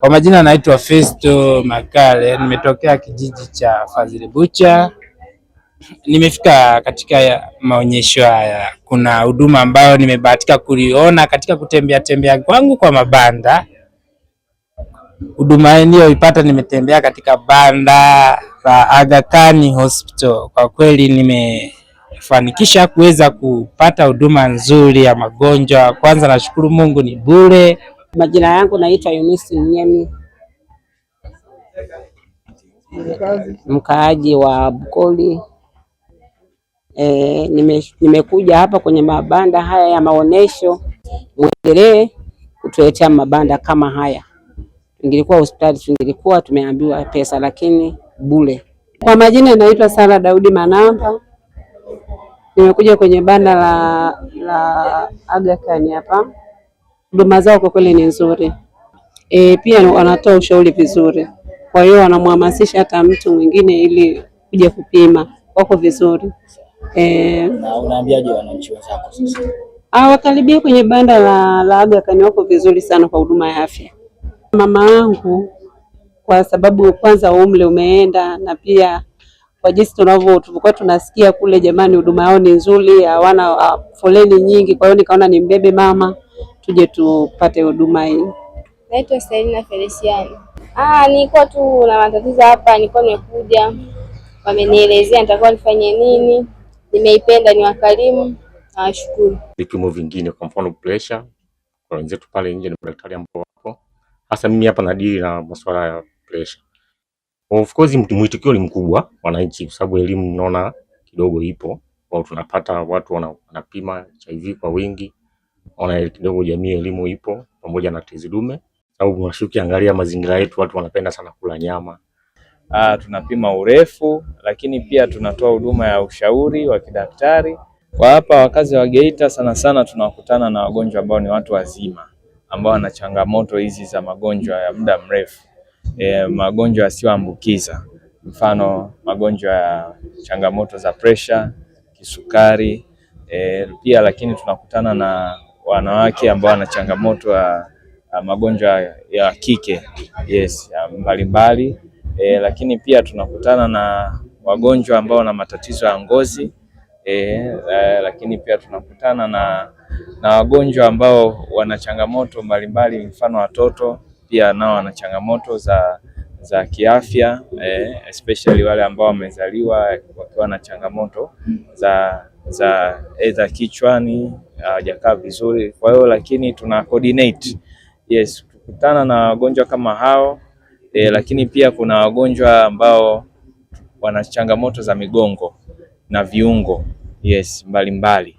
Kwa majina naitwa Festo Makale, nimetokea kijiji cha Fadhili Bucha. Nimefika katika maonyesho haya, kuna huduma ambayo nimebahatika kuliona katika kutembea tembea kwangu kwa mabanda. Huduma niliyoipata, nimetembea katika banda la Aga Khan Hospital. Kwa kweli nimefanikisha kuweza kupata huduma nzuri ya magonjwa. Kwanza nashukuru Mungu ni bure. Majina yangu naitwa Eunice Mnyemi, mkaaji wa Bukoli. E, nime, nimekuja hapa kwenye mabanda haya ya maonesho, mwendelee kutuletea mabanda kama haya. Tungelikuwa hospitali tungilikuwa tumeambiwa pesa, lakini bure. Kwa majina naitwa Sara Daudi Manamba, nimekuja kwenye banda la, la Aga Khan hapa huduma zao kwa kweli ni nzuri e, pia wanatoa ushauri vizuri, kwa hiyo wanamhamasisha hata mtu mwingine ili kuja kupima. Wako vizuri e, na unaambiaje wananchi wenzako sasa? Ah, wakaribia kwenye banda la, la Aga Khan wako vizuri sana kwa huduma ya afya. Mama wangu kwa sababu kwanza umri umeenda na pia kwa jinsi tunavyo tulikuwa tunasikia kule, jamani, huduma yao ni nzuri, hawana ah, foleni nyingi. Kwa hiyo nikaona nimbebe mama tuje tupate huduma hii. Naitwa Selina Felisiani. Ah, nilikuwa tu na matatizo hapa, nilikuwa nimekuja, wamenielezea nitakuwa nifanye nini. Nimeipenda, ni wakarimu, nawashukuru. Vipimo vingine, kwa mfano pressure, kwa wenzetu pale nje ni daktari ambao wapo hasa. Mimi hapa nadili na masuala ya pressure. Of course mwitikio ni mkubwa wananchi, kwa sababu elimu naona kidogo ipo, au tunapata watu wanapima HIV kwa wingi Ona kidogo jamii elimu ipo pamoja na tezi dume, au Mwashuki, angalia mazingira yetu, watu wanapenda sana kula nyama. Aa, ah, tunapima urefu, lakini pia tunatoa huduma ya ushauri wa kidaktari kwa hapa wakazi wa Geita. Sana sana tunakutana na wagonjwa ambao ni watu wazima ambao wana changamoto hizi za magonjwa ya muda mrefu e, magonjwa yasiyoambukiza, mfano magonjwa ya changamoto za presha, kisukari e, pia lakini tunakutana na wanawake ambao wana changamoto ya magonjwa ya kike yes, mbalimbali e, lakini pia tunakutana na wagonjwa ambao na matatizo ya ngozi e, e, lakini pia tunakutana na, na wagonjwa ambao wana changamoto mbalimbali, mfano watoto pia nao wana changamoto za za kiafya e, especially wale ambao wamezaliwa wakiwa na changamoto za za edha kichwani hawajakaa vizuri. Kwa hiyo lakini tuna coordinate yes, kukutana na wagonjwa kama hao eh, lakini pia kuna wagonjwa ambao wana changamoto za migongo na viungo yes mbalimbali mbali.